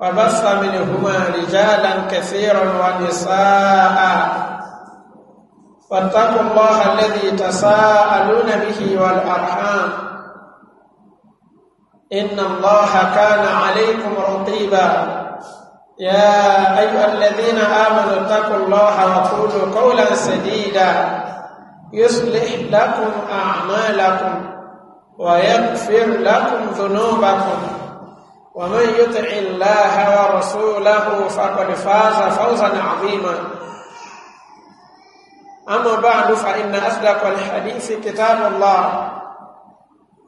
وبص منهما رجالا كثيرا ونساء واتقوا الله الذي تساءلون به والأرحام إن الله كان عليكم رقيبا يا أيها الذين آمنوا اتقوا الله وقولوا قولا سديدا يصلح لكم أعمالكم ويغفر لكم ذنوبكم ومن يطع الله ورسوله فقد فاز فوزا عظيما أما بعد فإن أصدق الحديث كتاب الله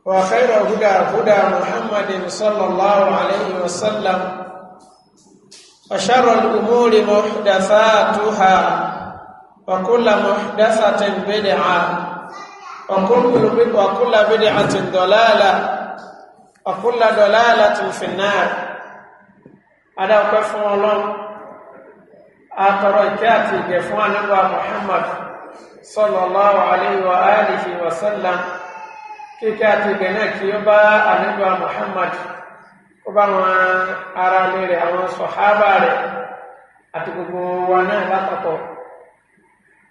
وخير هدى هدى محمد صلى الله عليه وسلم وشر الأمور محدثاتها وكل محدثة بدعة وكل بدعة ضلالة ọ̀kúnlá dọ̀lá látùnfin náà adá ọpẹ́ fún ọlọ́run àtọ̀rọ̀ ìkẹ́ àti ìgẹ̀ fún ànábà Muhammad sallallahu alayhi wa alihi wa sallam kíkẹ́ àti ìgẹ̀ náà kí ó bá ànábà Muhammad ó bá wọn ara lè rẹ̀ àwọn sọ̀hábà rẹ̀ àti gbogbo wa náà látọ̀tọ̀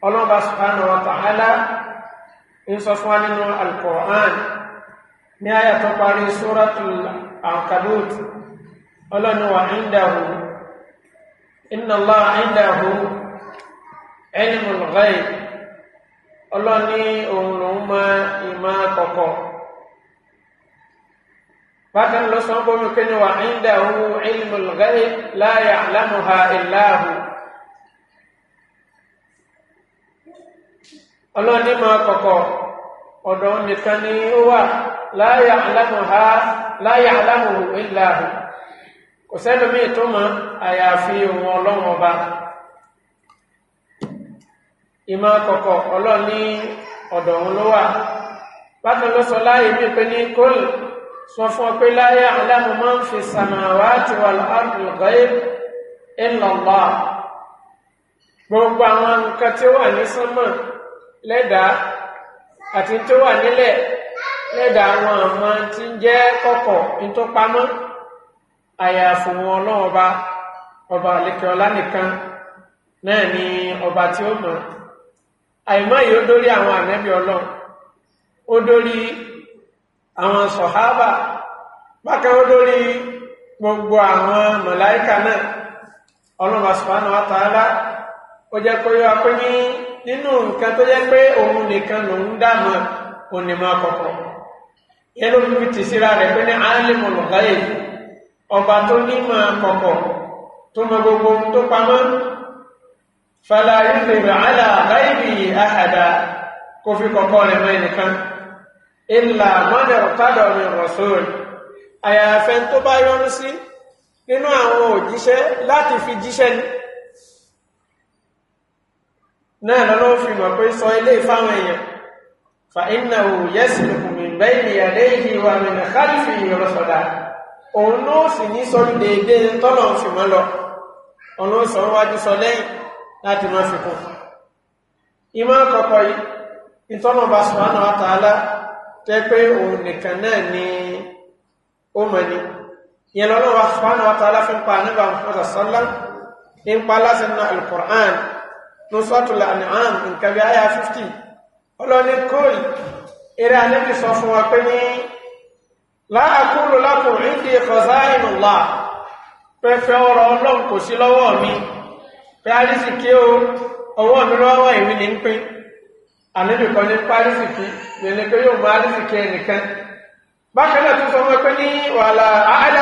ọlọ́ba subhanahu wa ta'ala ń sọ fún wa nínú al ní àyà tó parí suratul Ankabut ọlọ́niwà ìndáhù inna Allah ìndáhù ilmul ghaib ọlọ́ni òun lòun mọ ìmọ̀ kọ̀kọ̀ bákan ló sọ bómi pé ní wà ìndáhù ilmul ghaib ọlọ́ni mọ̀ kọ̀kọ̀ ọ̀dọ̀ nìkan ni ó wà láyà alámùhá láyà alámùhù ìlàhù kò sẹ́lómi tó mọ̀ àyàfi ohun ọlọ́run ọba ìmọ̀ kọ̀kọ̀ ọlọ́run ní ọ̀dọ̀ òun ló wà bákan ló sọ láyé mi pé ní kólì sọ fún ọ pé láyà alámùhá ń fi samawati wal àti tó wà nílẹ̀ lẹ́dà àwọn àmọ́ tí ń jẹ́ kọ̀kọ̀ tó pamọ́ àyàfò wọn ọlọ́run ọba nìkan náà ni ọba tí ó mọ̀ àìmọ́ yìí ó dórí àwọn ànẹ́bí ọlọ́run ó dórí àwọn sọ̀hábà bákan ó dórí gbogbo àwọn mọ̀láíkà náà wa ó jẹ́ kó yọ apé nínú nǹkan tó jẹ́ pé òun nìkan lòun dààmú òun ni máa kọ̀kọ̀ yẹn ló fi tì síra rẹ̀ pé ní alimul ghaib ọba tó ní máa kọ̀kọ̀ tó mọ gbogbo tó pamọ́ fala yuzhiru ala ghaibihi ahada kó fi kọ̀kọ̀ rẹ̀ mọ́ ẹnìkan illa nínú àwọn òjíṣẹ́ láti fi jíṣẹ́ ni náà lọ́lọ́ fi mọ̀ pé sọ ilé ìfáwọn èèyàn fa iná ò yẹ́sì lùkùn mi bẹ́ẹ̀ ni àdé ìhì wa mi nà kálífì ìrọ̀ sọ̀dá òun náà sì ní sọ déédé tọ́lọ̀ ń fi mọ́ lọ ọ̀nà sọ wájú sọ lẹ́yìn láti má fi kún ìmọ̀ kọ̀kọ̀ yìí ìtọ́nà bá subhanahu wa ta'ala tẹ́ pé òun nìkan náà ni ó mọ̀ ni ìyẹn lọ́lọ́ wa subhanahu wa ta'ala fi ń pa àníbà mọ́tà ń pa láti na al nusratul an'am in Kabi Aya 50 ọlọ́ni kóòlì eré anábì sọ fún wa pé ní láàkúrò lákùnrin di khaza'inullah pẹ́fẹ́ ọ̀rọ̀ ọlọ́run kò sí lọ́wọ́ mi pé àrísìkí o ọwọ́ mi lọ́wọ́ yóò mú àrísìkí ẹnìkan bákan náà tó sọ wọn pé ní wàhálà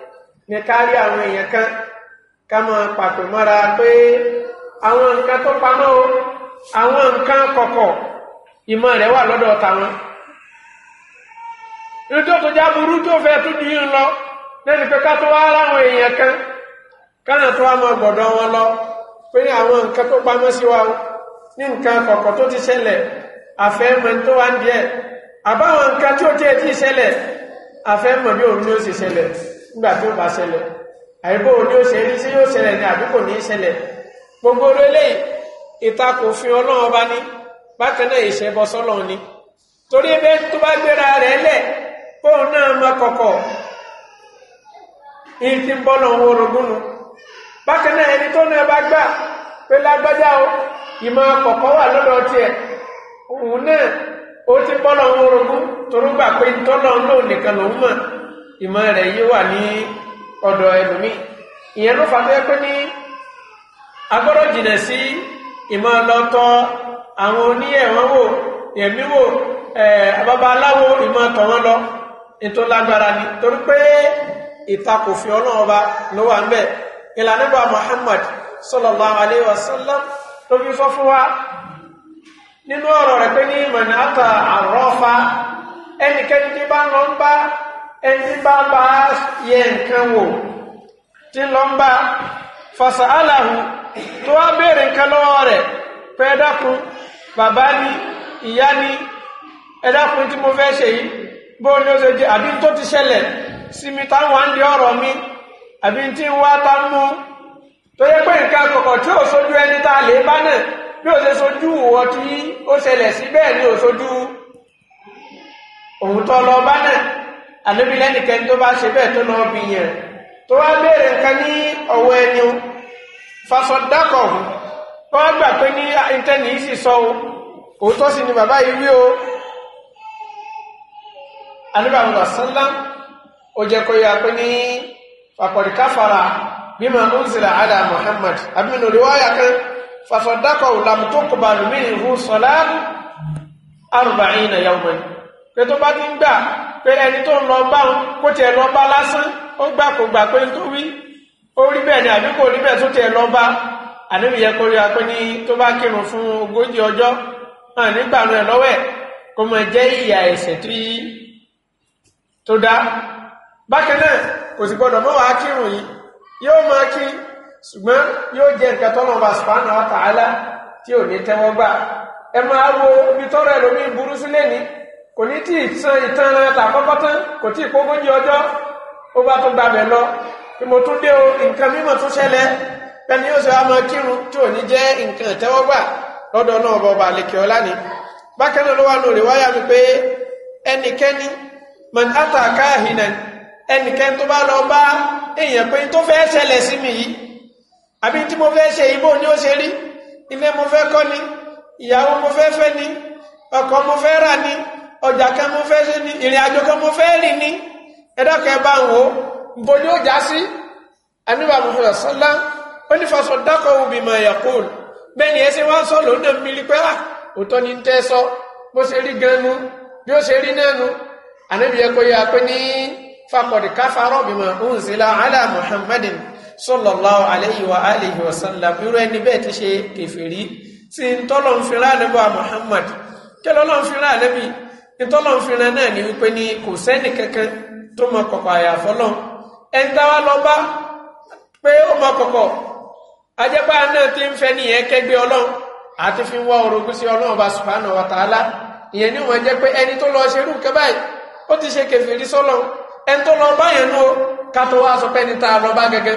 ní kárí àwọn èèyàn kan ká máa pàpè mọ́ra pé àwọn nǹkan tó pamọ́ o àwọn nǹkan kọ̀kọ̀ ìmọ̀ rẹ̀ wà lọ́dọ̀ tàwọn nítorí tó já burú tó fẹ́ tó di yín lọ lẹ́nu pé ká tó wá láwọn èèyàn kan kánà tó wá máa gbọ̀dọ̀ wọn lọ pé ní àwọn nǹkan tó pamọ́ sí wa ní nǹkan kọ̀kọ̀ tó ti ṣẹlẹ̀ àfẹ́mọ̀ tó wá ń díẹ̀ àbáwọn nǹkan tí ó tiẹ̀ ti ṣẹlẹ̀ àfẹ́mọ̀ bí òun ló sì ṣẹlẹ̀ gbà tí ó bá ṣẹlẹ̀ àìbò ní ó ṣẹlẹ̀ sí yóò ṣẹlẹ̀ ní àbí ní gbogbo eléyìí ìtakò ọlọ́run ní bákanáà náà ìṣẹ́bọ sọ́lọ́run ni torí ebe tó bá gbéra rẹ̀ lẹ̀ fóun náà kọ̀kọ̀ ní ti orogúnnu ẹni tó náà bá gbà pé lágbájá o ìmọ̀ wà lọ́dọ̀ tiẹ̀ òun náà ó ìmọ̀ rẹ̀ yìí wà ní ọ̀dọ̀ ẹlòmíì ìyẹn ló fà tó yẹ pé ní agbọ́dọ̀ jìnà sí ìmọ̀ lọ́tọ́ àwọn oní ẹ̀wọ̀n wò ẹ̀mí wò àbábá aláwo ìmọ̀ tọ̀ lọ ètò lágbára ni torí pé ìtakòfin ọlọ́run ló wà ń bẹ̀ Muhammad sallallahu alayhi wa sallam ló fi sọ fún wa nínú ọ̀rọ̀ rẹ̀ pé ní mọ̀nà àtà àrọ́fà ẹnikẹ́ni bá ń lọ ń bá ezi bá ye nke nǹkan wò tí lọ ń to fàṣà aláhu tó wá béèrè nǹkan bàbá ni ìyá ni ẹ mo fẹ́ ṣe yi bó ni ó ṣe jẹ àbí to ti ṣẹlẹ̀ sí mi táwọn di ọ̀rọ̀ mi abi tí ń wá tá mú tó yẹ pé nǹkan kọ̀kọ̀ ànábi lẹ́nìkan tó bá ṣe bẹ́ẹ̀ tó náà bí yẹn tó wá béèrè nǹkan ní ọ̀wọ́ ẹni fasọ̀dákọ̀ wọ́n gbà pé ní intanet yìí sì sọ òótọ́ sí ni bàbá yìí wí o ànábi àwọn àṣálá ó jẹ́ kó yà pé ní fàkọ̀dìká fara bímọ ounzila ala Muhammad abinu riwaya kan fasọ̀dákọ̀ làmùtókòbàlùmí ìhú sọlá arùbáyìn náà yàwùmọ́ pé tó bá ti ń gbà pé ẹni tó ń lọ bá òun kó tiẹ̀ lọ bá lásán ó gbà kó gbà pé tó wí ó rí bẹ́ẹ̀ ni àbí kò rí bẹ́ẹ̀ tó tiẹ̀ lọ bá àníbi yẹ kó rí wa pé ní tó bá kírun fún ogójì ọjọ́ hàn nígbàánu ẹ̀ lọ́wọ́ ẹ̀ kó máa jẹ́ ìyà ẹ̀ṣẹ̀ tó dá bákan náà kò sì gbọdọ̀ mọ́ wàá kírun yìí yóò máa kí ṣùgbọ́n yóò jẹ́ nǹkan tọ́nà ọba subhanahu wa tí ò ní tẹ́wọ́ gbà ẹ máa wo ibi tọ́rọ ẹlòmíín burú sílé ní kò ní tí ìtàn ìtàn àtàkọ́kọ́ tán kò tí ìkógójì ọjọ́ ó bá tún gbàbẹ̀ lọ bí mo tún dé o nǹkan mímọ̀ tún ṣẹlẹ̀ ẹni yóò ṣe wá máa kírun tí ò ní jẹ́ nǹkan ìtẹ́wọ́gbà lọ́dọ̀ náà bọba àlekè ọlá ni bákan náà ló wà lórí wáyà mi pé ẹnikẹ́ni man ata ẹnikẹ́ni tó bá lọ bá èèyàn pé tó fẹ́ ṣẹlẹ̀ sí mi yìí àbí tí mo fẹ́ ṣe ìbò ni ó ṣe rí ilé mo fẹ́ kọ́ ni ìyàwó mo fẹ́ fẹ́ ni ọkọ̀ mo fẹ́ rà ni ọjà kan mo fẹ́ ṣe ni ìrìn àjò kan mo fẹ́ rìn ni ẹ̀dọ́kẹ́ bá ń wò bó ni ó já sí àníbà Muhammad sọ́lá ó ní fasọ̀ dákọ̀ òbí mọ̀ ẹ̀yà kóòlù bẹ́ẹ̀ ni ẹ ṣe wá sọ lóńdà mílí pé à ah, òótọ́ ni ń tẹ́ sọ bó ṣe rí gan nu bí ó ṣe rí náà nu àníbi yẹ kó yẹ pé ní fakọ̀dì káfárọ̀ bí mọ̀ ń zilá alá Muhammadin sallallahu alayhi wa alihi wa sallam irú ẹni bẹ́ẹ̀ ti ṣe kèfèrí tí ń tọ́lọ́ ń fi rá àníbà Muhammad kí ń fi rá àníbì nítọ́lọ́ ń fìràn náà ní wípé ní kò sẹ́ni kankan tó mọ kọ̀kọ̀ àyàfọ́ lọ́n ẹni táwa lọ bá pé ó mọ kọ̀kọ̀ ajẹ́pá náà ti ń fẹ́ nìyẹn kẹgbẹ́ ọlọ́run àti fi ń wá orogún sí ọlọ́run bá subhanahu wa ta'ala ìyẹn ní wọn jẹ́ pé ẹni tó lọ ṣerú nǹkan báyìí ó ti ṣe kẹfìrí sọ́lọ́ ẹni tó lọ bá yẹn nú o wá sọ pé ní tá lọ bá gẹ́gẹ́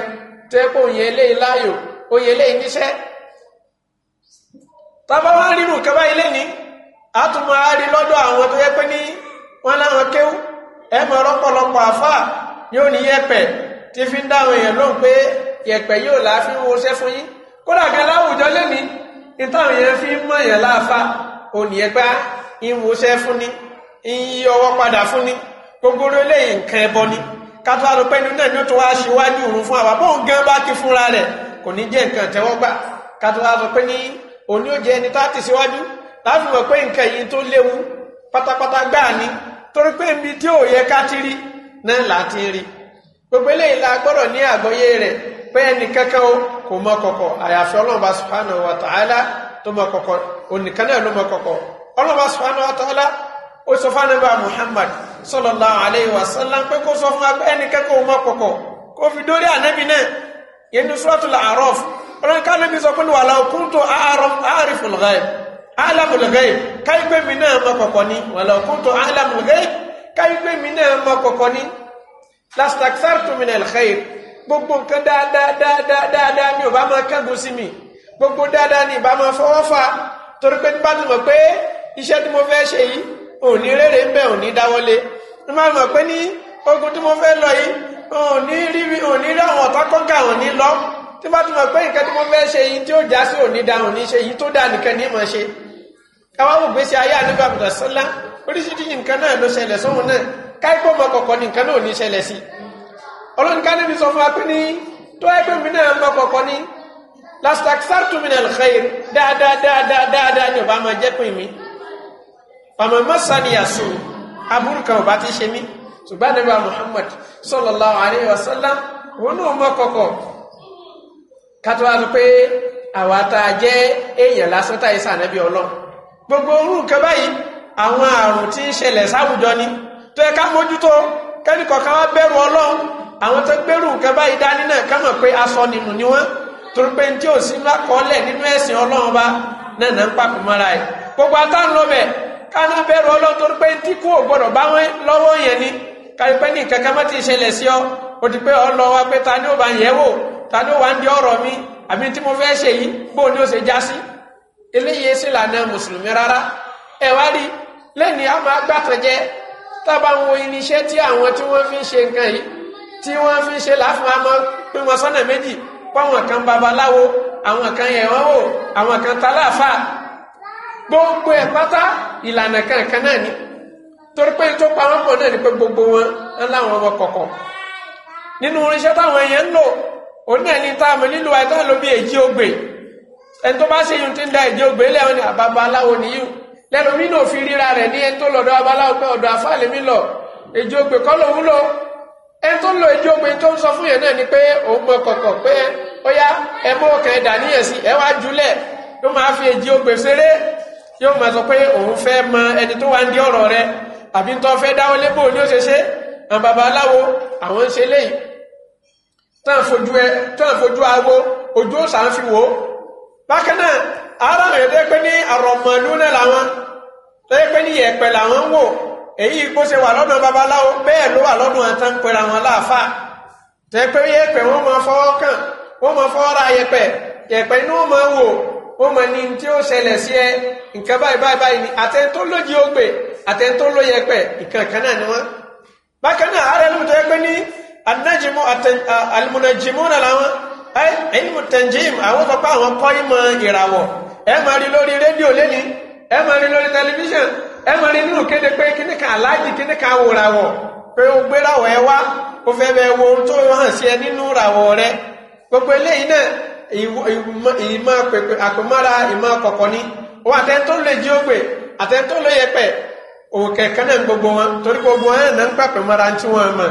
tẹ́ pé òun yẹn láàyò òun yẹn níṣẹ́ tábà wá rírun nǹkan báyìí lẹ́ni kéwú ẹ mọ ọlọ́pọ̀lọpọ̀ àfà yóò ní yẹ̀pẹ̀ tí fi ń dáhùn èèyàn lóhùn pé yẹ̀pẹ̀ yóò là á fi fún yín kódà gan láwùjọ lẹ́ni nítawọn èèyàn fi ń mọ èèyàn láàfa ònìyẹn pé ń woṣẹ́ fún ni ń yí ọwọ́ padà fún ni gbogbo eléyìí nǹkan ẹbọ ni kátó àlùpẹ́ inú náà ni ó tó wá ṣíwájú òun fún àwa bóun gan bá kí fúnra rẹ̀ kò ní jẹ́ nǹkan tẹ́wọ́gbà kátó àlùpẹ́ ní òní ó jẹ́ ẹni tá a ti síwájú láti mọ̀ pé nǹkan yìí tó léwu pátápátá gbáà ni torí pé ibi tí ò yẹ ká ti rí náà láti rí gbogbo eléyìí la gbọ́dọ̀ ní àgbọ́yé rẹ̀ pé ẹnì kankan o kò mọ kọ̀kọ̀ àyàfi ọlọ́ọ̀bá subhanahu wa ta'ala tó mọ kọ̀kọ̀ onìkan náà ló mọ kọ̀kọ̀ ọlọ́ọ̀bá subhanahu wa ta'ala ó sọ fún anábà Muhammad sallallahu alayhi wa sallam pé kó sọ fún abẹ́ ẹnì kankan o mọ kọ̀kọ̀ kó fi dórí ànábì náà yẹn ní suratul A'raf ọlọ́ọ̀ká sọ pé wàlá kuntu a'riful ghaib alamulgayb káyípé mi náà mọ kọ̀kọ̀ ni wala kuntu alamulgayb káyípé mi náà mọ kọ̀kọ̀ ni lastaksartu minal khair gbogbo nǹkan dáadáa dáadáa dáadáa ni ò bá máa kángun sí mi gbogbo dáadáa ni ìbá máa fọwọ́ fà torí pé nípa ti mọ̀ pé iṣẹ́ tí mo fẹ́ ṣe yìí òní rere ń bẹ òní dáwọ́lé nípa ti mọ̀ pé ní ogun tí mo fẹ́ lọ yìí òní rí òní rí àwọn ọ̀tá òní lọ nípa ti mọ̀ pé nǹkan tí mo fẹ́ ṣe yìí tí ó já sí òní da òní ṣe yìí tó dáa nìkan ní mọ̀ ṣe káwá wò gbèsè ayé àníbà àbùdá sọlá oríṣiríṣi nǹkan náà ló ṣẹlẹ̀ sóhun náà káíkó mọ kọ̀kọ̀ ní nǹkan náà ò ní ṣẹlẹ̀ sí ọlọ́nìká níbi sọ fún wa pé ní tó ẹgbẹ́ mi náà mọ kọ̀kọ̀ ní lastaksartu min alkhair dáadáa dáadáa dáadáa ni ọba máa jẹ́ pé mi ọmọ mọ́sánì àṣù aburú ọba ti ṣe mí ṣùgbọ́n nígbà Muhammad sallallahu alaihi wasallam wọn náà mọ kọ̀kọ̀ kátó wá lọ pé àwa tá jẹ́ èèyàn lásán táyé sànẹ́bí gbogbo orú nǹkan báyìí àwọn àrùn tí ń ṣẹlẹ̀ sáwùjọ ni tó yẹ ká mójútó kẹ́nìkan ká wá bẹ̀rù ọlọ́run àwọn tó gbẹ̀rù nǹkan báyìí dání náà ká mọ̀ pé aṣọ nínú ni wọ́n torí pé ní tí ò sí lákọọ́lẹ̀ nínú ẹ̀sìn ọlọ́run bá náà náà ń papò mọ́ra ẹ̀ gbogbo atáhùn lọ́bẹ̀ ká náà bẹ̀rù ọlọ́run torí pé tí kú ò bá wọn lọ́wọ́ yẹn ni kárí pé ní nǹkan ká má ti ṣẹlẹ̀ sí ọ o ti pé ọ lọ wá pé ta ni ó bá yẹ wò ta ni ó wá ń di ọ̀rọ̀ mi àbí tí mo fẹ́ ṣe yìí bóun ni ó ṣe já sí eléyìí sì lànà mùsùlùmí rárá ẹ wá rí lẹ́ni àmọ́ agbátẹ̀jẹ́ tábà ń wo irinṣẹ́ tí àwọn tí wọ́n fi ń ṣe nǹkan yìí tí wọ́n fi ń ṣe láfún amọ́ pé wọ́n sọ́nà méjì pọ́wọn kan babaláwo àwọn kan ẹ̀wọ́n wò àwọn kan taláàfà gbogbo ẹ̀ pátá ìlànà kankan náà ni torí pé tó pa wọ́n pọ̀ náà ni pé gbogbo wọn ń láwọn ọmọ kọ̀kọ̀ nínú irinṣẹ́ táwọn èèyàn ń lò òun náà ní táwọn nílò àìtọ́ lóbi èjì ogbè ẹni tó bá ṣe yun tí ń da ìjẹ́ ògbé lẹ́wọ̀n ni àbábá aláwo nìyí lẹ́lòmí náà fi ríra rẹ̀ ní ẹni tó lọ́dọ̀ abaláwo pé ọ̀dọ̀ àfáàlẹ́mí lọ ìjẹ́ ògbé kọ́ lòun lò ẹni tó ń lo ìjẹ́ ògbé tó ń sọ fún yẹn náà ni pé òun mọ kọ̀kọ̀ pé ó yá ẹ mú ọkàn ẹ̀dà níyẹn sí ẹ wá júlẹ̀ yóò máa fi ìjẹ́ ògbé ṣeré yóò máa sọ pé òun fẹ́ mọ ẹni tó wá ń di ọ̀rọ̀ rẹ̀ àbí tó fẹ́ dáwọ́ lébò ní ó ṣe ṣe àwọn baba aláwo bákan náà ara rẹ̀ dé pé ní àrọ̀mọ̀lú náà làwọn tó yẹ pé ní yẹ̀pẹ̀ làwọn ń wò èyí bó ṣe wà lọ́dọ̀ babaláwo bẹ́ẹ̀ ló wà lọ́dọ̀ àtàn pẹ̀lú àwọn láàfà tó yẹ pé yẹ̀pẹ̀ wọ́n máa fọwọ́ kàn wọ́n máa fọwọ́ ra yẹ̀pẹ̀ yẹ̀pẹ̀ inú máa wò ó mọ ní tí ó ṣẹlẹ̀ sí ẹ nǹkan báyìí báyìí báyìí ni àtẹn tó lójì ogbè àtẹn tó ló yẹ̀pẹ̀ nǹkan kan náà ni wọ́n bákan náà ara ẹ̀ ló pé ní alimunajimu làwọn ilmu tanjim àwọn sọ pé àwọn kọ́ ìmọ̀ ìràwọ̀ ẹ máa rí lórí rédíò lẹ́ni ẹ máa rí lórí tẹlifíṣàn ẹ máa rí nínú kéde pé kíní kan aláàjì kíní wòràwọ̀ pé o gbé ẹ wá o fẹ́ bẹ wo ohun tó hàn sí ẹ nínú ràwọ̀ rẹ gbogbo eléyìí náà ìmọ̀ pèpè ìmọ̀ ni wọ́n àtẹ́ tó lè jí ògbè àtẹ́ tó lè òkè gbogbo wọn torí gbogbo wọn náà ń mọ́ra tí wọ́n mọ̀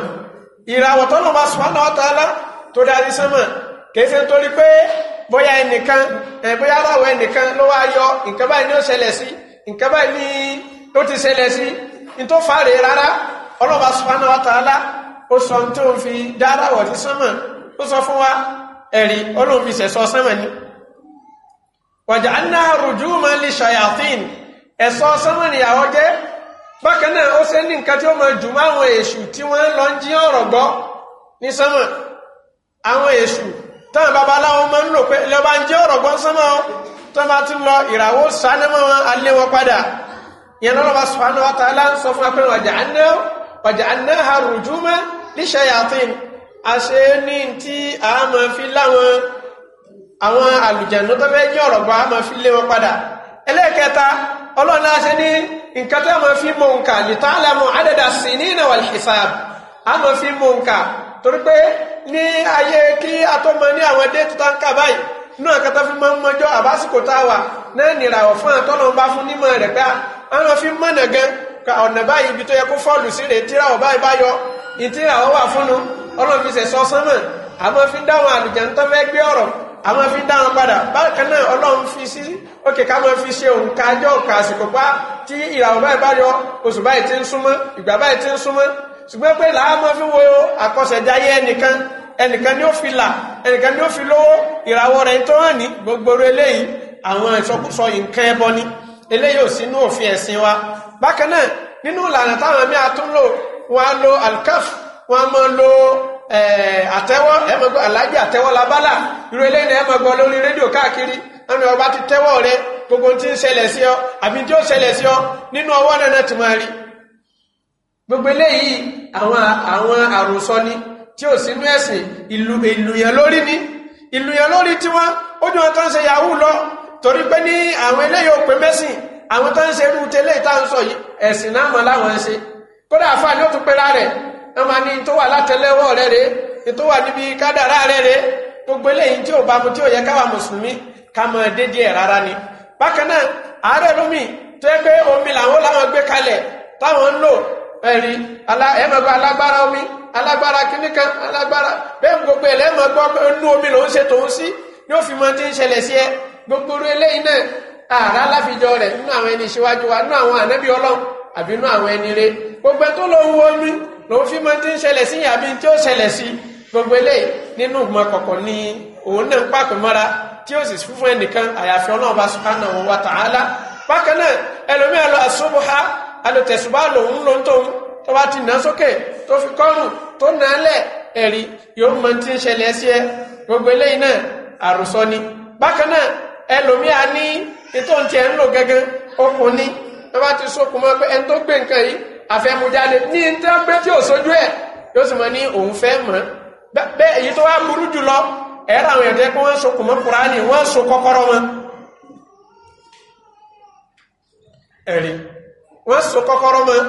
ìràwọ̀ tó kìí ṣe nítorí pé bóyá ẹnìkan bóyá aráwọ̀ ẹnìkan ló wá yọ nǹkan báyìí ni sí nǹkan báyìí ni ti ṣẹlẹ̀ sí ní tó fàárẹ̀ rárá ọlọ́ba subhanahu wa ta'ala ó sọ ní tó ń fi dá aráwọ̀ sí ó sọ fún wa ẹ̀rí ọlọ́run fi ṣẹ̀sọ́ sánmà ni nìyàwó jẹ́ bákan náà ó ṣe ní nǹkan tí ó máa àwọn èṣù tí wọ́n táwọn babaláwo máa ń lò pé lọ́ba ń jẹ́ ọ̀rọ̀ gbọ́n sánmọ́ ọ tó máa ti lọ ìràwọ̀ sánémọ́ wọn alẹ́ wọn padà ìyẹn lọ́ba subhanahu wa ta'ala ń sọ fún wa pé ọjà ní tí tó a máa fi lé nǹkan tó máa fi mọ nǹkan lìtọ́ àlàmọ́ adada a máa fi mọ nǹkan torí pé ní ayé kí atọ́mọ ní àwọn dé tó táǹkà báyìí náà kẹta fi mọ́ mọ́jọ́ àbásìkò táwà náà nìràwọ̀ fún àtọ́nà bá fún nímọ̀ rẹ̀ pé àwọn fi mọ̀nà gan ka ọ̀nà báyìí ibi tó yẹ kó fọ́ọ̀lù sí rè tíràwọ̀ báyìí báyọ ìtíràwọ̀ wà fúnnu ọlọ́run fi sẹ̀sọ sánmọ̀ àwọn fi dáwọn àlùjàntó fẹ́ gbé ọ̀rọ̀ àwọn fi dáwọn padà bákan náà ọlọ́run fi sí òkè ká fi ṣe òǹkà ajọ́ òǹkà pa tí ìràwọ̀ báyìí báyọ oṣù ti ń ṣùgbọ́n pé làámọ́ fi wo àkọsẹ̀jáyé ẹnìkan ẹnìkan ni ó fi là ẹnìkan ni ó fi lówó ìràwọ̀ rẹ̀ tó hàn ní gbogbo eléyìí àwọn ìsọkúsọ nǹkan ẹbọ ni eléyìí ò sínú òfin ẹ̀sìn wa bákan náà nínú ìlànà táwọn míì àtúnlò wọn á lo alkaf wọn á máa lo eh, àtẹ́wọ́ ẹmọgbọ aláàjì àtẹ́wọ́ labálà irú eléyìí ni ẹmọgbọ lórí rédíò káàkiri ẹnu ọba ti tẹ́wọ́ rẹ̀ gbogbo tí ń ṣẹlẹ̀ sí ọ àbí tí ó ṣẹlẹ̀ sí ọ nínú ọwọ́ náà náà ti máa rí gbogbo eléyìí àwọn àwọn àròsọ ni tí ò sínú ẹ̀sìn ìlú ìlúyàn lórí ni ìlúyàn lórí tí wọ́n ó ní wọn tó ń ṣe yahoo lọ torí pé ní àwọn eléyìí ò pé mẹ́sìn àwọn tó ń ṣe irú tẹ́lẹ̀ tá ń sọ yìí ẹ̀sìn náà mọ̀ láwọn ń ṣe kódà àfáà ni ó tún pera rẹ̀ wọ́n máa ní tó wà látẹ́lẹwọ́ rẹ̀ rẹ̀ tó wà níbi kádàrá rẹ̀ rẹ̀ gbogbo eléyìí tí ò bá mu tí ò yẹ káwa mùsùlùmí ká mọ dédé rárá ni bákan náà àárẹ̀ lómi tó yẹ pé omi làwọn làwọn gbé kalẹ̀ táwọn ń lò ẹ̀rí ẹ̀mọ̀gbọ́ alagbara omi alágbára kíníkan alágbára alagbara gbogbo ẹ̀ lẹ́mọ̀gbọ́ pé omi lòún ṣe tòun sí yóò fi mọ tí ń ṣẹlẹ̀ sí ẹ gbogbo eléyìí náà ara láfijọ rẹ̀ nínú àwọn ẹni wa nínú àwọn àbí nínú àwọn ẹni gbogbo tó wo omi lòún fi mọ tí ń ṣẹlẹ̀ sí yàbí tí ó ṣẹlẹ̀ sí gbogbo eléyìí nínú ni òun náà ń tí ó sì ẹnìkan àyàfi bá tó bá ti nà sókè tó fi kọ́rùn tó nà á lẹ̀ ẹ̀rí yóò mọ tí ń ṣẹlẹ̀ sí ẹ gbogbo eléyìí náà àròsọ ni bákan náà ẹlòmíà ní ètò ìtì ẹ̀ ń lò gẹ́gẹ́ okùn ni tó bá ti sókun mọ́ pé ẹni tó gbé nǹkan yìí àfẹ́mujáde ní ní tó gbé tí ò sójú ẹ̀ yóò sì mọ ní òun fẹ́ mọ́ bẹ́ẹ̀ èyí tó wá burú jùlọ ẹ̀rọ àwọn ẹ̀jẹ̀ kí wọ́n sokùn mọ́ Kùránì wọ́n so kọ́kọ́rọ́ wọn ẹ̀rí wọ́n so kọ́kọ́rọ́ wọn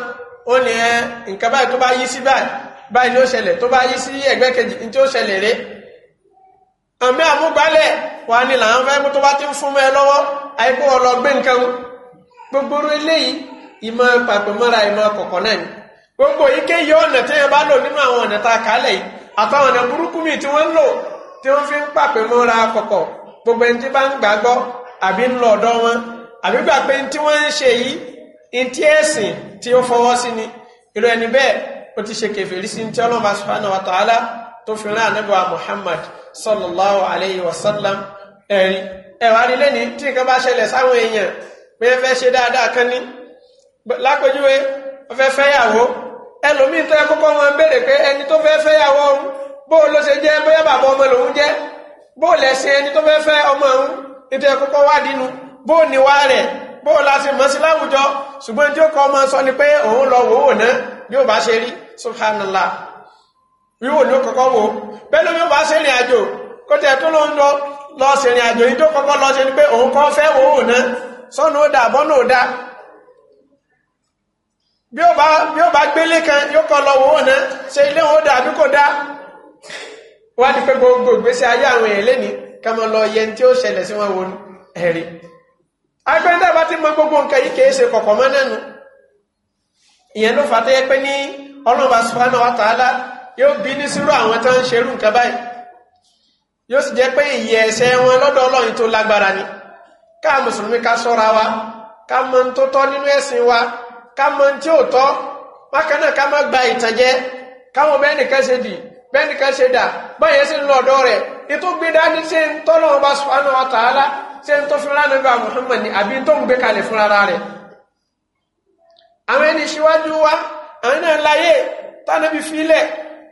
ó ní ẹ nǹkan báyìí tó bá yí sí báyìí báyìí ni ó ṣẹlẹ̀ tó bá yí sí ẹgbẹ́ kejì ní tí ó ṣẹlẹ̀ rẹ̀ àmì àmúgbálẹ̀ wà ní làwọn fẹ́ mú tó bá ti ń fún mọ́ ẹ lọ́wọ́ àìkú ọlọ gbé nǹkan gbogbo eléyìí ìmọ̀ pàpẹ́mọ́ra ìmọ̀ kọ̀kọ̀ náà ni gbogbo ike yọ ọ̀nà tí wọ́n bá lò nínú àwọn ọ̀nà tá a kálẹ̀ yìí àtàwọn ọ̀nà burúkú mi tí wọ́n ń lò tí wọ́n fi ń pàpè mọ́ra gbogbo ẹni tí bá ń gbàgbọ́ àbí ń lọ ọ̀dọ̀ wọn àbí gbà pé tí wọ́n ń ṣe yìí ntí ẹ̀sìn tí ó ni ẹni bẹ́ẹ̀ ti ṣe kèfèrí sí ntí ọlọ́mà subhanahu fi muhammad sallallahu alayhi wa sallam ẹ̀rí ẹ̀wà rí lẹ́ni tí nǹkan bá ṣẹlẹ̀ sáwọn èèyàn pé ẹ fẹ́ ṣe dáadáa kan ní lápèjúwe ó fẹ́ ẹlòmíín tó yẹ kókó wọn béèrè pé ẹni tó fẹ́ bó ṣe bóyá bàbá ọmọ bó ẹni tó bó la ṣe mọ́ sí láwùjọ ṣùgbọ́n tí ó kọ́ ọmọ sọ ni pé òun lọ wòówò náà bí ó bá ṣe rí subhanallah wíwò ní ó kọ́kọ́ wò bẹ́ẹ̀ ló bí ó bá ṣe rìn àjò kó tẹ̀ tó ló lọ ṣe rìn àjò yìí tó kọ́kọ́ lọ ṣe ni pé òun kọ́ fẹ́ wòówò náà sọ́nà ó dà bọ́nà ó dà bí ó bá bí ó bá gbélé kan yóò kọ́ lọ wòówò náà ṣe ilé òun ó dà àbí kò dá wá ní pé gbogbo ìgbésí ayé àwọn èèyàn lénìí ká mọ lọ agbẹ́ndà bá ti mọ gbogbo nǹkan yìí kìí ṣe kọ̀kọ̀ mọ́ nẹ́nu ìyẹn ló fà tó yẹ pé ní ọlọ́ba subhanahu wa ta'ala yóò bí ní sírò àwọn tó ń ṣerú nǹkan báyìí yóò sì jẹ́ pé ìyẹ ẹ̀ṣẹ̀ wọn lọ́dọ̀ ọlọ́run tó lágbára ni ká mùsùlùmí ká sọ́ra wa ká mọ ohun tó tọ́ nínú ẹ̀sìn wa ká mọ ohun tí ò tọ́ bákan náà ká má gba ìtànjẹ káwọn bẹ́ẹ̀ nìkan ṣe dì bẹ́ẹ̀ nìkan ṣe dà báyẹn sì ń lọ ọ̀dọ́ rẹ̀ ètò gbé ṣe ń tọ́lọ́run bá subhanahu wa ṣe ń tó fi rán nígbà Muhammad ni àbí tó ń gbé kalẹ̀ fún ara rẹ̀ àwọn ẹni ṣíwájú wa àwọn náà láyé tánàbí filẹ̀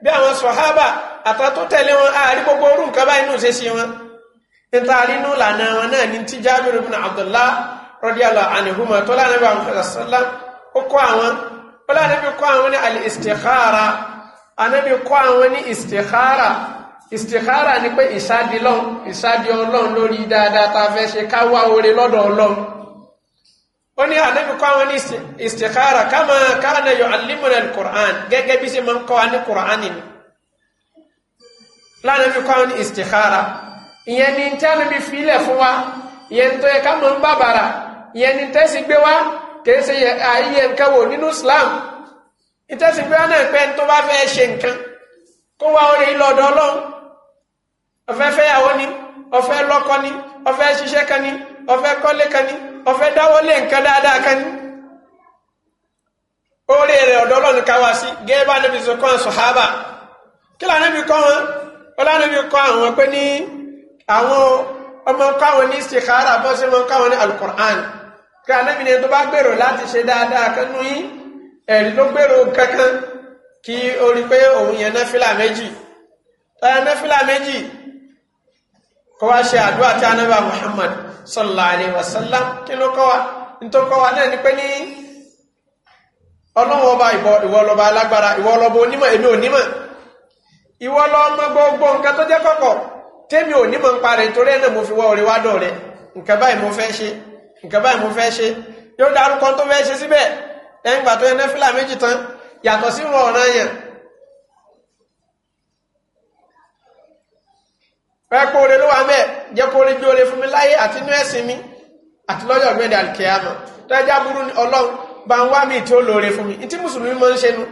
bí àwọn sọ̀hábà àtàtó tẹ̀lé wọn àárí gbogbo orú nǹkan báyìí nù ṣe sí wọn nítorí inú lànà wọn náà ní tí Jábìrì ibn Abdullah radiyallahu anhuma tó lánàbí àwọn àwọn istikhara ni pé ìsádi lọ́n ìsádi ọlọ́run lórí dáadáa ta fẹ́ ṣe ká wá oore lọ́dọ̀ ọlọ́run ó ní ànábì àwọn ní istikhara kama kana yu'allimuna al-Qur'an gẹ́gẹ́ bí ṣe máa ń kọ́ wa ní Qur'an ni lánàbì kọ́ àwọn ní istikhara ìyẹn ni tí a níbi filẹ̀ fún wa ìyẹn tó yẹ ká mọ̀ ń bàbàrà ìyẹn ni tẹ́sí gbé wa kìí ṣe àyíyẹ nǹkan nínú Islam ìtẹ́sí gbé wa náà pé tó bá fẹ́ ṣe nǹkan kó wá oore lọ́dọ̀ ọlọ́run ọfẹ́ fẹ́yàwó ni ọfẹ́ lọ́kọ ni ọfẹ́ ṣiṣẹ́ kan ni ọfẹ́ kọ́lé kan ni ọfẹ́ dáwọ́lé nǹkan dáadáa kan ni orí rẹ̀ ọ̀dọ̀ ọlọ́run ká wá sí gẹ́ẹ́bà níbi tó kọ́ sọ̀hábà kí lànà ibi kọ́ wọn ọlọ́run ibi kọ́ àwọn pé ní àwọn ọmọ káwọn ní istikhara bọ́ sí ọmọ káwọn ní alukur'an kí lànà ibi ni tó bá gbèrò láti ṣe dáadáa kan nú yín ẹ̀rí ló gbèrò kankan kí orí pé òun yẹn náfìlà méjì náfìlà méjì kọ́ wá ṣe àdúrà tí anábà Muhammad sallallahu alaihi wasallam kí ló kọ́ wa nítorí náà ni pé ní ọlọ́wọ́ ọba ìwọ lọ́ba alágbára ìwọ lọ́ba onímọ̀ èmi onímọ̀ ìwọ ló mọ̀ gbogbo nǹkan tó jẹ́ kọ̀kọ̀ tèmi onímọ̀ ń parẹ́ torí ẹ̀ náà mo fi wọ́ orí wá dọ̀ rẹ nǹkan báyìí mo fẹ́ ṣe yóò dárúkọ tó fẹ́ ṣe síbẹ̀ ẹ̀ńgbà fẹ́ kóore ló wà mẹ́ jẹ́ kóore bí oore fún mi láyé àti inú ẹ̀sìn mi àti lọ́jọ́ gbẹ̀dẹ̀ àlùkìyàmọ̀ tẹ́jà burú ni ọlọ́run bá ń wá mi tí ó lóore fún mi ìtí mùsùlùmí máa ń ṣe nu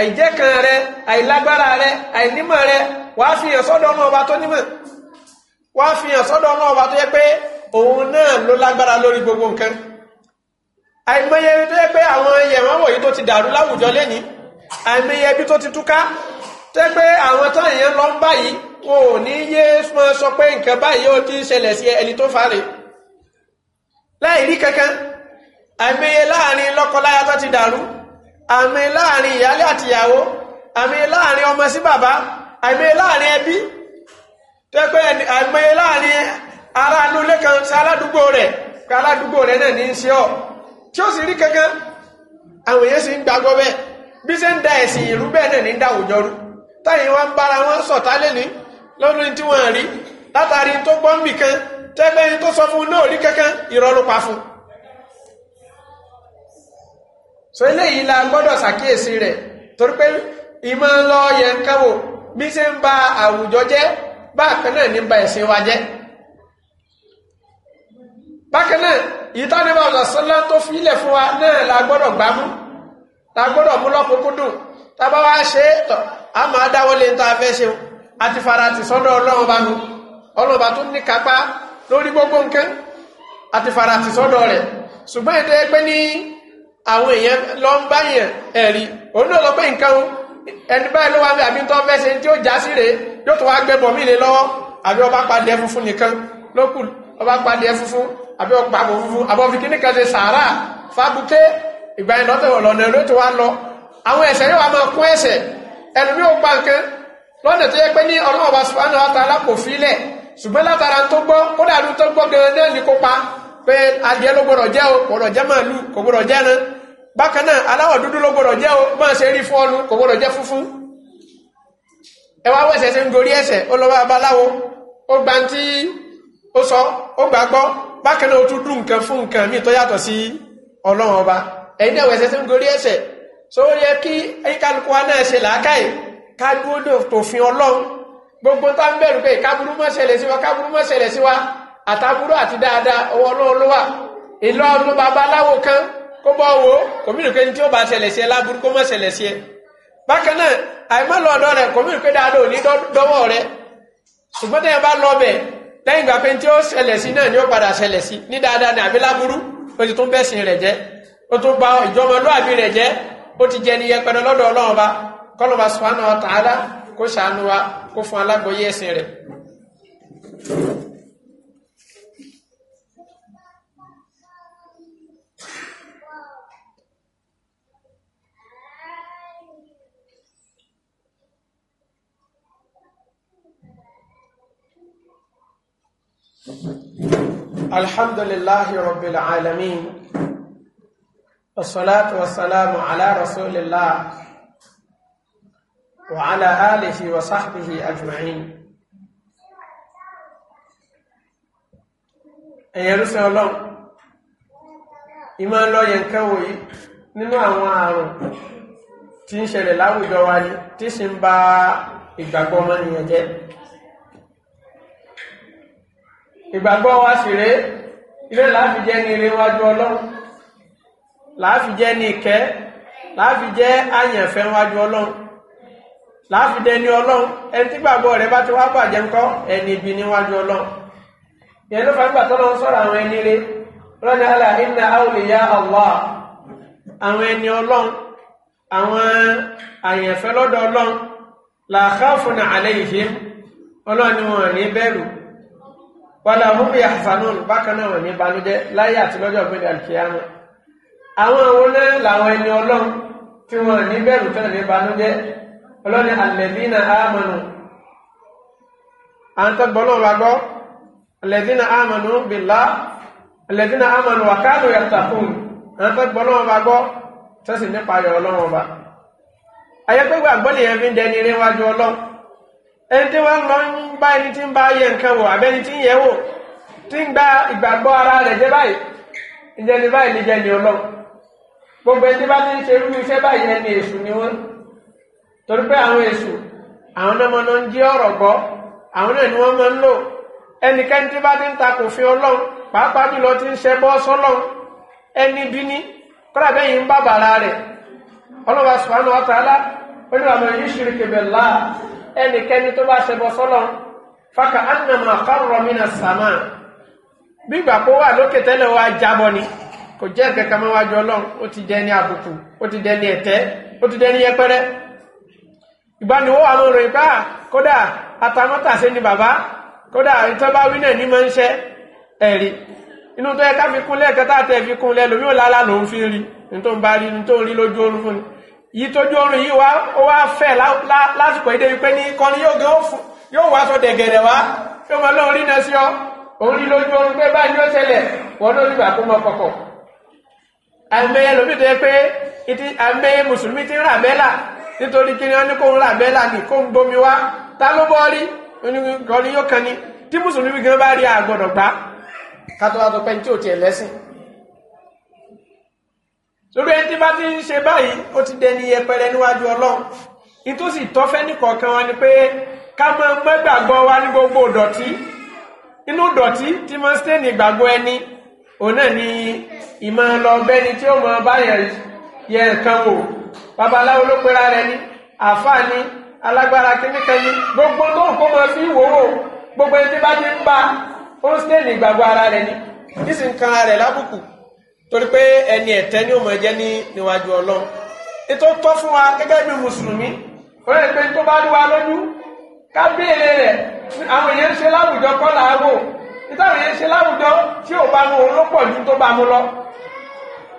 àìjẹ́ kan rẹ àìlágbára rẹ àìnímọ̀ rẹ wàá fi hàn sọ́dọ̀ ọmọ ọba tó nímọ̀ wàá fi hàn sọ́dọ̀ ọmọ ọba tó yẹ pé òun náà ló lágbára lórí gbogbo nǹkan àìmọye tó yẹ pé àwọn yẹ̀wọ̀n wọ̀nyí tó ti dàrú láwùjọ lẹ́ni àìmọye ẹbí tó ti túká tó yẹ pé àwọn táyẹn lọ ń báyìí o ni ní yé sọ pé nǹkan báyìí ó ti ń ṣẹlẹ̀ sí ẹni tó fa rè láì rí kankan àìmọye láàrin lọ́kọláya tó ti dàrú àìmọye láàrin ìyálé àtìyàwó àìmọye láàrin ọmọ sí bàbá àìmọye láàrin ẹbí tó pé àìmọye láàrin ará inú kan sí aládùúgbò rẹ̀ pé aládùúgbò rẹ̀ náà ní í ṣe ọ́ tí ó sì rí kankan àwọn èèyàn sì ń da ẹ̀sìn náà ní lọ́dún tí wọ́n rí látàrí tó gbọ́n bì kan tẹ́gbẹ́ni tó sọ fún náà rí kankan irọ́ ló pa fún so eléyìí la gbọ́dọ̀ ṣàkíyèsí rẹ̀ torí pé ìmọ̀ ń lọ yẹ nǹkan wò bí ṣe ń ba àwùjọ jẹ́ bákan náà ní ba ẹ̀sìn wa jẹ́ bákan náà ìtànìbà ọ̀sọ̀sọ́lá tó fi ilẹ̀ fún wa náà la gbọ́dọ̀ gbámú la gbọ́dọ̀ mú lọ́kùnkúndùn tábá wá ṣe é tọ̀ a máa dáwọ́ lé ní tá a ṣeun àti farati sọ́dọ̀ ọlọ́run bá nu ọlọ́run bá tó ní kápá lórí gbogbo nǹkan àti farati sọ́dọ̀ rẹ̀ ṣùgbọ́n ètò ẹgbẹ́ ní àwọn èèyàn lọ ń báyàn ẹ̀rí òun náà lọ pé nǹkan ẹni báyìí ló wá bí àbí tó fẹ́ ṣe tí ó já sí rèé yóò tó wá gbẹ́bọ̀ mí lé lọ́wọ́ àbí ọba padì ẹ funfun nìkan lókù ọba padì ẹ funfun àbí ọpa àbò funfun àbọ̀ fi kíní kan ṣe sàárà fábùké ìgbà ìlọ́tẹ̀wọ̀ lọ́nà lọ́nà tó yẹ pé ní ọlọ́run ọba subhanahu wa ta'ala kò filẹ̀ ṣùgbọ́n látara tó gbọ́ ó dàrú tó gbọ́ gan náà ní kópa pé adìẹ ló gbọdọ̀ jẹ́ o kò gbọdọ̀ jẹ́ màálù kò gbọdọ̀ jẹ́ ẹran bákan náà aláwọ̀ dúdú ló gbọdọ̀ jẹ́ o máa ṣe rí fọ́ọ̀nù kò gbọdọ̀ jẹ́ funfun ẹ wá wẹ̀sẹ̀ ṣe ń gorí ẹ̀sẹ̀ ó lọ́wọ́ abaláwo ó gba tí ó sọ ó gbà gbọ́ bákan náà ó tún dùn nǹkan fún kádúró tòfin ọlọ́run gbogbo tá ń bẹ̀rù pé káburú má ṣẹlẹ̀ sí wa káburú má wa àti dáadáa ọwọ́ ọlọ́run ló wà ìlọ ọdún kan kó bọ́ wo kòmínú pé ní tí ó bá ṣẹlẹ̀ sí ẹ láburú kó má ṣẹlẹ̀ sí ẹ bákan náà àìmọ́ lọ ọ̀dọ́ rẹ kòmínú pé dáadáa ò ní dọ́wọ́ rẹ ṣùgbọ́n ni ó padà ṣẹlẹ̀ sí ní dáadáa ní àbí ti tún bẹ́sìn rẹ̀ jẹ́ ó tún gba rẹ̀ jẹ́ kọlọba subhanahu wa ta'ala kó ṣàánú wa kó fún alágbóyé ẹ̀sìn rẹ̀ الحمد لله رب العالمين والصلاة والسلام على رسول الله وعلى آله وصحبه أجمعين ẹ̀yẹ̀ ló sẹ́ ọlọ́run ìmọ̀ lọ́yẹ̀ nǹkan wòye nínú àwọn àrùn tí ń ṣẹlẹ̀ láwùjọ wa ní tí sì ń ba ìgbàgbọ́ ọmọnìyàn jẹ́ ìgbàgbọ́ wa sì rèé ilé láàfi ní eré ọlọ́run láàfi ní ìkẹ́ láàfi jẹ́ ọlọ́run láàfidẹ ní ọlọ́run ẹni tí gbàgbọ́ rẹ̀ bá ti wá bàjẹ́ ńkọ́ ẹni ibi níwájú ọlọ́run yẹn ló fàgbà tó lọ́n sọ̀rọ̀ àwọn ẹni rẹ̀ lọ́nà àlà inna awliya Allah àwọn ẹni ọlọ́run àwọn àyànfẹ́ lọ́dọ̀ ọlọ́run la khafun alayhim ọlọ́run ni wọn ní bẹ̀rù wala hum yahzanun bákan náà wọn ní banújẹ́ láyé àti lọ́jọ́ gbé ọlọ́ni alẹ́bínà àmànù à ń tọ́gbọ́n náà wá gbọ́ alẹ́bínà àmànù bìlá alẹ́bínà àmànù wàkàlù yàtàkùn à ń tọ́gbọ́n náà wá gbọ́ tẹ́sí nípa ayọ̀ ọlọ́run ọba ayẹ́pẹ́gbẹ́ àgbọ́nì yẹn fi ń dẹni eré wájú ọlọ́run ẹni tí wọ́n lọ ń bá ẹni tí ń bá yẹ nǹkan wò àbẹ́ni tí ń yẹ wò tí ń gba ìgbàgbọ́ ara rẹ̀ jẹ́ báyìí ìjẹni báyìí níjẹni ọlọ́run gbogbo ẹni tí bá ti ń ṣe irú iṣẹ́ báyìí ẹni èṣù ni wọ́n torí pé àwọn èṣù àwọn náà máa ń jí ọ̀rọ̀ gbọ́ àwọn náà ni wọ́n máa ń lò ẹnikẹ́ni tí bá ti ń fi pàápàá jùlọ ti ń ṣe bọ́ sọ́lọ́run ẹni bí ní kọ́lá bẹ́yìn ń bá bàrà rẹ̀ ọlọ́wà subhanahu wa ta'ala oníwà máa yí ṣìrìkì tó bá ṣe faka annama qarra mina sàmà bí kó wà lókè tẹ́lẹ̀ wá ni kò jẹ́ kẹ̀kẹ́ ìgbaniwó àwọn ọ̀rọ̀ ìgbà ah, kódà atamọ́tàṣe ni bàbá kódà ìtọ́ba wí náà ní máa ń ṣẹ́ ẹ̀rí inú tó yẹ ká fi kún lẹ́ẹ̀kẹta tẹ̀ fi kún lẹ́ lómi ò lálá lòún fi rí ní tó ń bá rí ní tó ń rí lójú oorun fún ni yìí tójú oorun yìí wá ó wá fẹ́ lásìkò ìdè wípé ní kọ́ni yóò wá sọ dẹ̀gẹ̀dẹ̀ wá tó máa lọ́ọ́ rí náà sí ọ òun rí lójú oorun pé báyìí ó ṣẹlẹ̀ wọn ló nígbà kó mọ kọ̀kọ̀ àmì ẹlòmíì tó yẹ pé àmì mùsùlùmí ti ń rà mẹ́là nítorí kí ni wọn ní kó ń ra àbẹ́là ní kó ń gbomi wá ta ló bọ́ rí oníkan ni yóò kan ni tí mùsùlùmí gan bá rí àgbọ̀dọ̀ gbá kátó wá tó pẹ́ ní tí ò tiẹ̀ lẹ́sìn lórí ẹni tí bá ti ń ṣe báyìí ó ti dẹni yẹpẹrẹ níwájú ọlọ́run ìtòsí tọ́fẹ́ nìkọ̀ọ̀kan wọn ni pé ká máa mẹ́gbàgbọ́ wa ní gbogbo dọ̀tí inú dọ̀tí tí máa ṣe ní ìgbàgbọ́ ẹni òun náà ni ìmọ̀ lọ bẹ́ni tí ó mọ báyẹn yẹ nǹkan wò babaláwo ló pera rẹ̀ ní àáfàá ní alágbára kíníkan ní gbogbo tó ń kó máa fi wòwò gbogbo ẹni tí bá ti ń bá ó ń sẹ́ẹ̀lì ìgbàgbọ́ ara rẹ̀ ní kí sì ń kan ara rẹ̀ lábùkù torí pé ẹni ẹ̀tẹ́ ni ó mọ̀ jẹ́ ní níwájú ọlọ́run ètò tọ́ fún wa gẹ́gẹ́ bí mùsùlùmí ó lè pe tó bá rú wa lójú ká béèrè rẹ̀ àwọn èèyàn ń ṣe láwùjọ kọ́ làá wò èèyàn ń ṣe láwùjọ tí ò bá mu òun ló pọ̀ ju tó bá mu lọ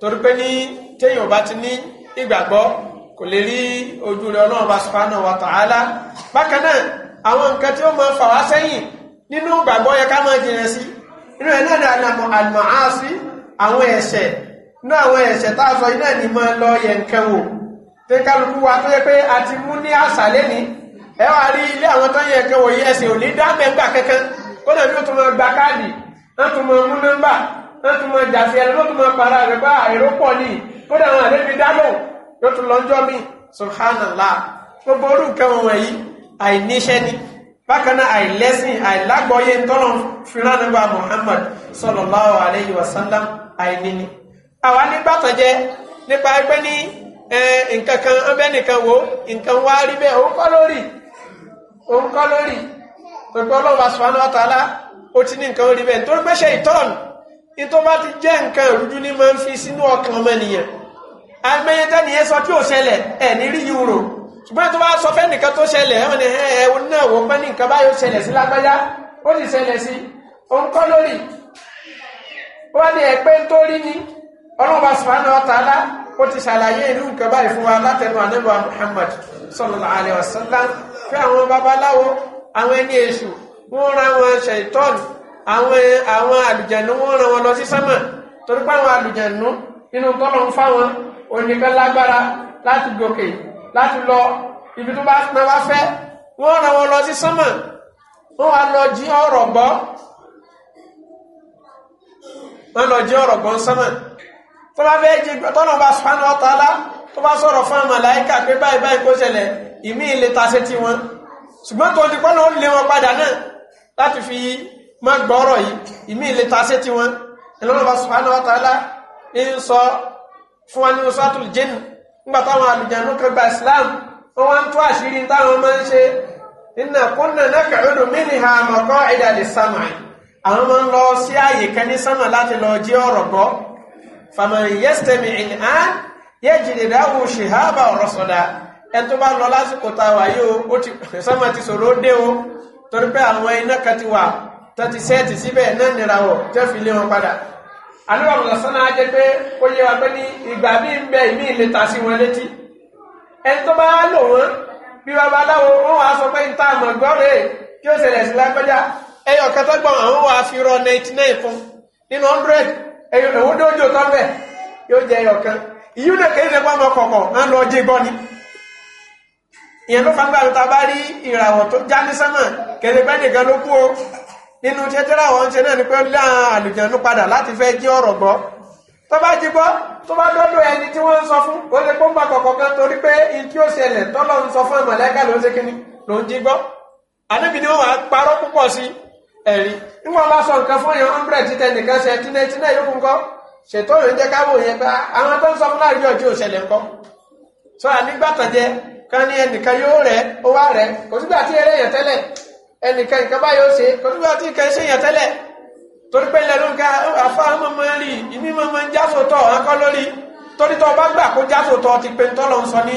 torí pé ní téèyàn bá ti ní ìgbàgbọ́ kò lè rí ojú rẹ ọlọ́run bá subhanahu wa ta'ala bákan náà àwọn nǹkan tí ó máa fà wá sẹ́yìn nínú ìgbàgbọ́ yẹ ká máa jìnà sí inú ẹ̀ náà dáadáa mọ̀ àlùmọ̀ á sí àwọn ẹ̀ṣẹ̀ inú àwọn ẹ̀ṣẹ̀ tá a sọ iná ní máa lọ yẹ nǹkan wò tí kálukú wa tó yẹ pé a ti mú ní àṣàlẹ́ ní ẹ wá rí ilé àwọn tó yẹ nǹkan wò yí ò ní dá mẹ́gbà kankan kó náà ní ó tún máa gba káàdì ó tún máa jà sí ẹni ló tún máa para rẹ̀ bá àìró pọ̀ ní kódà àwọn àlébi dáná yóò tún lọ́jọ́ mi subhanallah gbogbo orú kẹwọn wọ̀nyí àìníṣẹ́ ni bákan náà àìlẹ́sìn àìlágbọ́yé tọ́lọ̀ fìlà Muhammad sallallahu alayhi wa àìní ni. àwa nígbàtọ̀ jẹ nípa ẹgbẹ́ ní nǹkan kan ọbẹ̀ nìkan wo nǹkan wá rí bẹ́ẹ̀ òun kọ́ lórí òun kọ́ lórí pẹ̀lú ọlọ́wà subhanahu wa ta'ala ó ti ní nǹkan rí bẹ́ẹ̀ nítorí pé ìtọ́nù ìtọ́ bá ti jẹ́ nǹkan ìrújú ní máa ń fi sínú ọkàn ọmọ ènìyàn àìmọye tẹ́nìyẹn sọ tí ò ṣẹlẹ̀ ẹ̀ ní rí yìí ṣùgbọ́n tó bá sọ fẹ́ tó ṣẹlẹ̀ ẹ̀ ní ẹ̀ ẹ̀ náà wọ́n pẹ́ ní nǹkan báyọ̀ ṣẹlẹ̀ sí lágbájá ó sì ṣẹlẹ̀ sí òun kọ́ lórí ó ti ṣàlàyé ìlú nǹkan báyìí fún wa látẹnu Muhammad sallallahu fẹ́ àwọn àwọn àwọn àlùjànnú wọ́n rán wọn lọ sí sánmà torí pé àwọn àlùjànnú inú tọ́lọ̀ ń fáwọn oníkan lágbára láti gòkè láti lọ ibi tó bá pẹ́ wá fẹ́ wọ́n rán wọn lọ sí sánmà wọ́n wá lọ jí ọ̀rọ̀ gbọ́ wọ́n lọ jí ọ̀rọ̀ gbọ́ sánmà tó bá fẹ́ jí tọ́lọ̀ bá sùpánù ọ̀tàlá tó bá sọ̀rọ̀ fún àwọn màláíkà pé báyìí báyìí kó ṣẹlẹ̀ ìmí ìlẹ́ta ṣe ti wọn ṣùgbọ́n tó ti pọ́nà ó lé wọn padà náà láti fi má gbọ́rọ̀ yìí ìmí ilé ta sí ti wọn ìlọ́nà subhanahu wa ta'ala ń sọ fún wa nínú suratul jinn nígbà táwọn àlùjànnú kan gba islam wọn wá ń tó àṣírí táwọn máa ń ṣe inna kunna naq'udu minha maq'ida lis-sam'i àwọn máa ń lọ sí ààyè kan ní sánmà láti lọ jí lásìkò táwa yìí ó ti sánmà ti sọ̀rọ̀ ó dé o torí àwọn iná kan ti wà tẹ́tí sẹ́ẹ̀tì síbẹ̀ náà nira wọ̀ tẹ́ fi lé wọn padà àníwà mọ̀lásánà á jẹ́ pé ó yẹ wa pé ní ìgbà bí ń bẹ ìmí ìlé ta sí wọn létí ẹni tó bá lò wọn bí babaláwo wọn wàá sọ pé níta àmọ̀ gbọ́rẹ̀ kí ó ṣẹlẹ̀ sí lágbájá ẹyọ kẹtọ́gbọ̀n àwọn wàá fi rọ ninety nine fún nínú hundred ẹyọ ẹ̀wọ́n dójú tó bẹ̀ yóò jẹ ẹyọ kan ìyú náà kéde ṣe pọ́nmọ kọ̀kọ̀ á lọ jẹ gbọ́ ni ìyẹn ló fagbá ta bá rí ìràwọ̀ tó já ní sánmà kẹ̀lẹ́gbẹ́ nìkan ló kú o nínú iṣẹ́ tí ráwọn ń ṣe náà ni pé lé àwọn àlùjànnú padà láti fẹ́ jí ọ̀rọ̀ gbọ́ tó bá jí gbọ́ tó bá dọ́dọ̀ ẹni tí wọ́n ń sọ fún ó lè pọ́npà kọ̀ọ̀kan kan torí pé in tí ó ṣẹlẹ̀ tọ́lọ́ ń sọ fún màláíkà ló ń ṣe kíní ló ń jí gbọ́ àníbi ni wọ́n máa parọ́ púpọ̀ sí ẹ̀rí níwọ̀n bá sọ nǹkan fún yẹn hundred títẹ nìkan ṣe ẹnìkan nǹkan báyìí ó ṣe kò nígbà tí nǹkan ṣe yàn tẹ́lẹ̀ torí pé lẹ́nu nǹkan àfa mọ́mọ́ rí ìmí mọ́mọ́ ń jásòtọ̀ ọ̀hán kọ́ lórí torí tó bá gbà kó jásòtọ̀ ti pe ń tọ́lọ́ ń sọ ní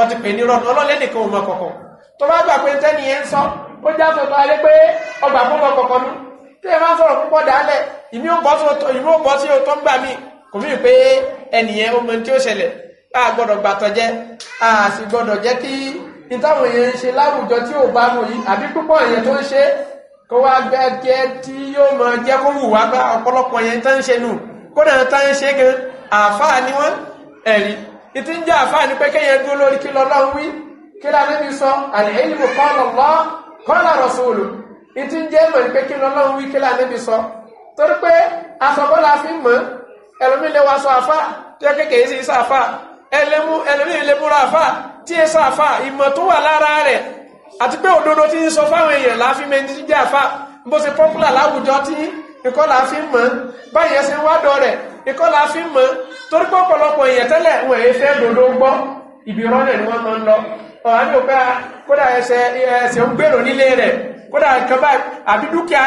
ọtí pè ní rọrùn ọlọ́lẹ́nìkan ò mọ kọ̀kọ̀ tó bá gbà pé tẹ́ni yẹn ń sọ ó jásòtọ̀ alẹ́ pé ọgbà fún mọ kọ̀kọ̀ nu tí ẹ máa sọ̀rọ̀ púpọ̀ dálẹ̀ ìmí ó bọ́ sí o tó ń gbà mí kò mí pé ẹnìyẹn ó mọ tí ó ṣẹlẹ̀ a gbọ́dọ̀ gbàtọ̀ jẹ́ a sì gbọ́dọ̀ jẹ́ kí ìtàwọn èèyàn ń ṣe láwùjọ tí ò bá mú yìí àbí púpọ̀ èèyàn tó ń ṣe kó wá gbẹ́ jẹ́ tí yóò mọ jẹ́ kó wù wá bá ọ̀pọ̀lọpọ̀ yẹn tán ń ṣe nù kódà tán ń ṣe gan àáfàá ni wọ́n ẹ̀rí ìtí ń jẹ́ àáfàá ni pé kéèyàn dúró lórí kí lọ́lọ́run wí kí lánàbí sọ àlẹ́yìnbó kọ́lọ̀ lọ́ kọ́lọ̀ rọ̀sùlù ìtí ń jẹ́ mọ̀ pé kí lọ́lọ́run wí kí lánàbí sọ torí pé asọ̀bọ́lá fi mọ̀ ẹlòmílẹ̀ wa tí ẹ sáfà ìmọ̀ tó wà lára rẹ̀ àti pé òdodo tí ń sọ fáwọn èèyàn láàfin méjì jíjẹ́ àfà bó ṣe pọ́pùlà láwùjọ tí ikọ́ la fi ń mọ̀ báyìí ẹsẹ̀ ń wádọ̀ rẹ̀ ikọ́ la fi ń mọ̀ torí pé ọ̀pọ̀lọpọ̀ èèyàn tẹ́lẹ̀ wọn èyí fẹ́ òdodo gbọ́ ibi rọ́nà ni wọ́n máa ń lọ ọ̀hán ní òpá kódà ẹsẹ̀ ẹsẹ̀ ń gbèrò nílé rẹ̀ kódà kan báyìí àbí dúkìá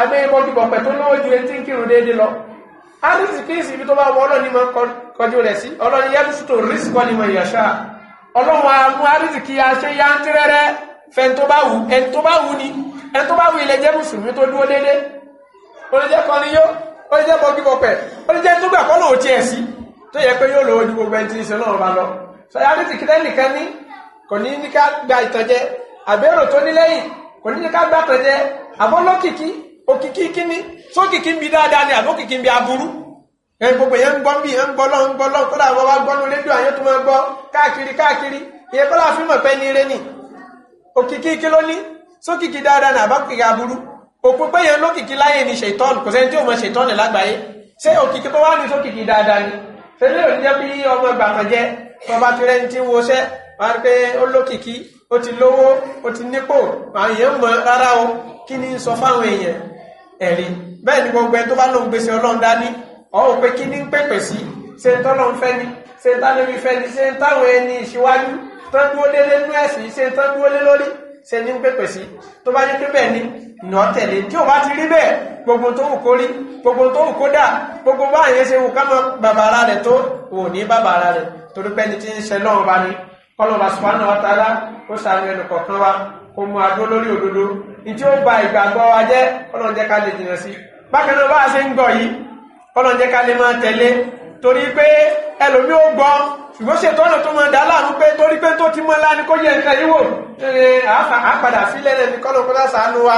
agbẹ́yẹmọ́jú bọ̀pẹ̀ tó náwó ju etí ń kírun déédé lọ árísì kéèsì ibi tó bá wọ ọlọ́ni máa kọjú rẹ̀ sí ọlọ́ni yá tó rísì kọ́ ni mọ̀ ìyàṣá ọlọ́run àmú kí a ṣe yá ń fẹ́ tó bá wù ẹ̀ tó bá wù ni ẹ̀ tó bá wù ilẹ̀ jẹ́ mùsùlùmí tó dúró déédé ó lè ni yó ó lè jẹ́ bọ́jú bọ̀pẹ̀ ó lè jẹ́ tó gbà kọ́ lóòtí ẹ̀ sí tó yẹ pé yóò lọ ojú gbogbo ẹni tí ń ṣe náà bá lọ sọ árísì kí lẹ́nìkan ní kò ní ní ká òkìkí kíní sókìkí ń bi dáadáa ni àbí òkìkí ń bi aburú ẹ gbogbo yẹn ń gbọ́ bí yẹn ń gbọ́ lọ́n ń gbọ́ lọ́n kódà wọ́n wá gbọ́ nu rédíò àyẹ́ tó máa gbọ́ káàkiri káàkiri ìyẹn kọ́lá fi mọ̀ pé ní ire ni òkìkí kí ló ní sókìkí dáadáa ni àbá òkìkí aburú òkun pé yẹn lókìkí láyé ni ṣètọ́nù kò sẹ́ni tí ò mọ ṣètọ́nù lágbàáyé ṣé òkìkí tó wá ní sókìkí dáadáa ni ṣẹlẹ̀ ò ní jẹ́ bí ọmọ gbàgbọ́n jẹ́ tọba tí rẹ́ni tí ń woṣẹ́ wá pé ó lókìkí ó ti lówó ó o kí ni sọ ẹ̀rí bẹ́ẹ̀ ni gbogbo ẹ tó bá lóun gbèsè ọlọ́run dání ọ̀hún pé kí ní pèpè sí ṣe ń tọ́lọ́run fẹ́ ni ṣe ń tánú ibi fẹ́ ni ṣe ń táwọn ẹni ìṣíwájú tó ń dúró lé nínú ẹ̀sìn ṣe ń tán dúró lé lórí ṣe ní pèpè sí tó bá jẹ́ pé bẹ́ẹ̀ ni ìnà tẹ̀lé tí ò bá ti rí bẹ́ẹ̀ gbogbo tó wù kó rí gbogbo tó wù kó dà gbogbo bá àyè ṣe wù ká mọ bàbá ara rẹ̀ tó wò ní bàbá ara rẹ̀ torí pé ẹni tí ń ṣe lọ́wọ́ bá ní kọ́lọ́ bá subhanahu wa ta'ala ó ṣàánú ẹnu kọ̀ọ̀kan wa kó mú adó lórí òdodo ìtí ó ba ìgbàgbọ́ wa jẹ́ ọlọ́run jẹ́ ká lè jìnà sí bákan náà bá a ṣe ń gbọ́ yìí ọlọ́run jẹ́ ká lè máa tẹ̀lé torí pé ẹlòmí ó gbọ́ ṣùgbọ́n ṣètò ọ̀nà tó máa dá láàánú pé torí pé tó ti mọ́ lá ní kó yẹ nǹkan yìí wò àpàdà sílẹ̀ rẹ̀ ní kọ́lọ̀ kọ́lá ṣàánú wa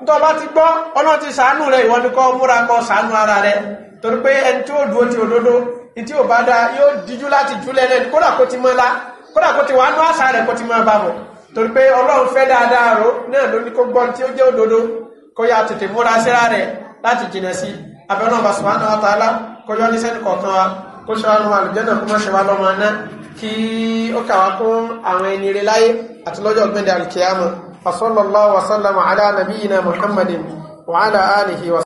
nítorí bá ti gbọ́ ọlọ́run ti ṣàánú rẹ̀ ìwọ ni kó múra kó ṣàánú ara rẹ̀ torí pé ẹni tí ó dúró ti òdodo ní tí ò bá dáa yóò díjú láti jùlẹ̀ rẹ̀ kódà kó ti mọ́ lá kódà kó ti wà nú àṣà rẹ̀ kó ti mọ́ bá bọ̀ torí pé ọlọ́run fẹ́ dáadáa ró náà ló ní kó gbọ́n tí ó jẹ́ òdodo kó yá tètè múra síra rẹ̀ láti jìnà sí abẹ́rún ọba subhanahu wa ta'ala kó yọ ní sẹ́nu kọ̀ọ̀kan wa kó ṣe wá lọ́mọ àlùjẹ́nà kó mọ̀ṣẹ́ wá lọ́mọ aná kí ó kà wá kún àwọn ẹni rẹ̀ láyé àti lọ́jọ́ ọ̀gbẹ́ndẹ̀ àlùkìyàmù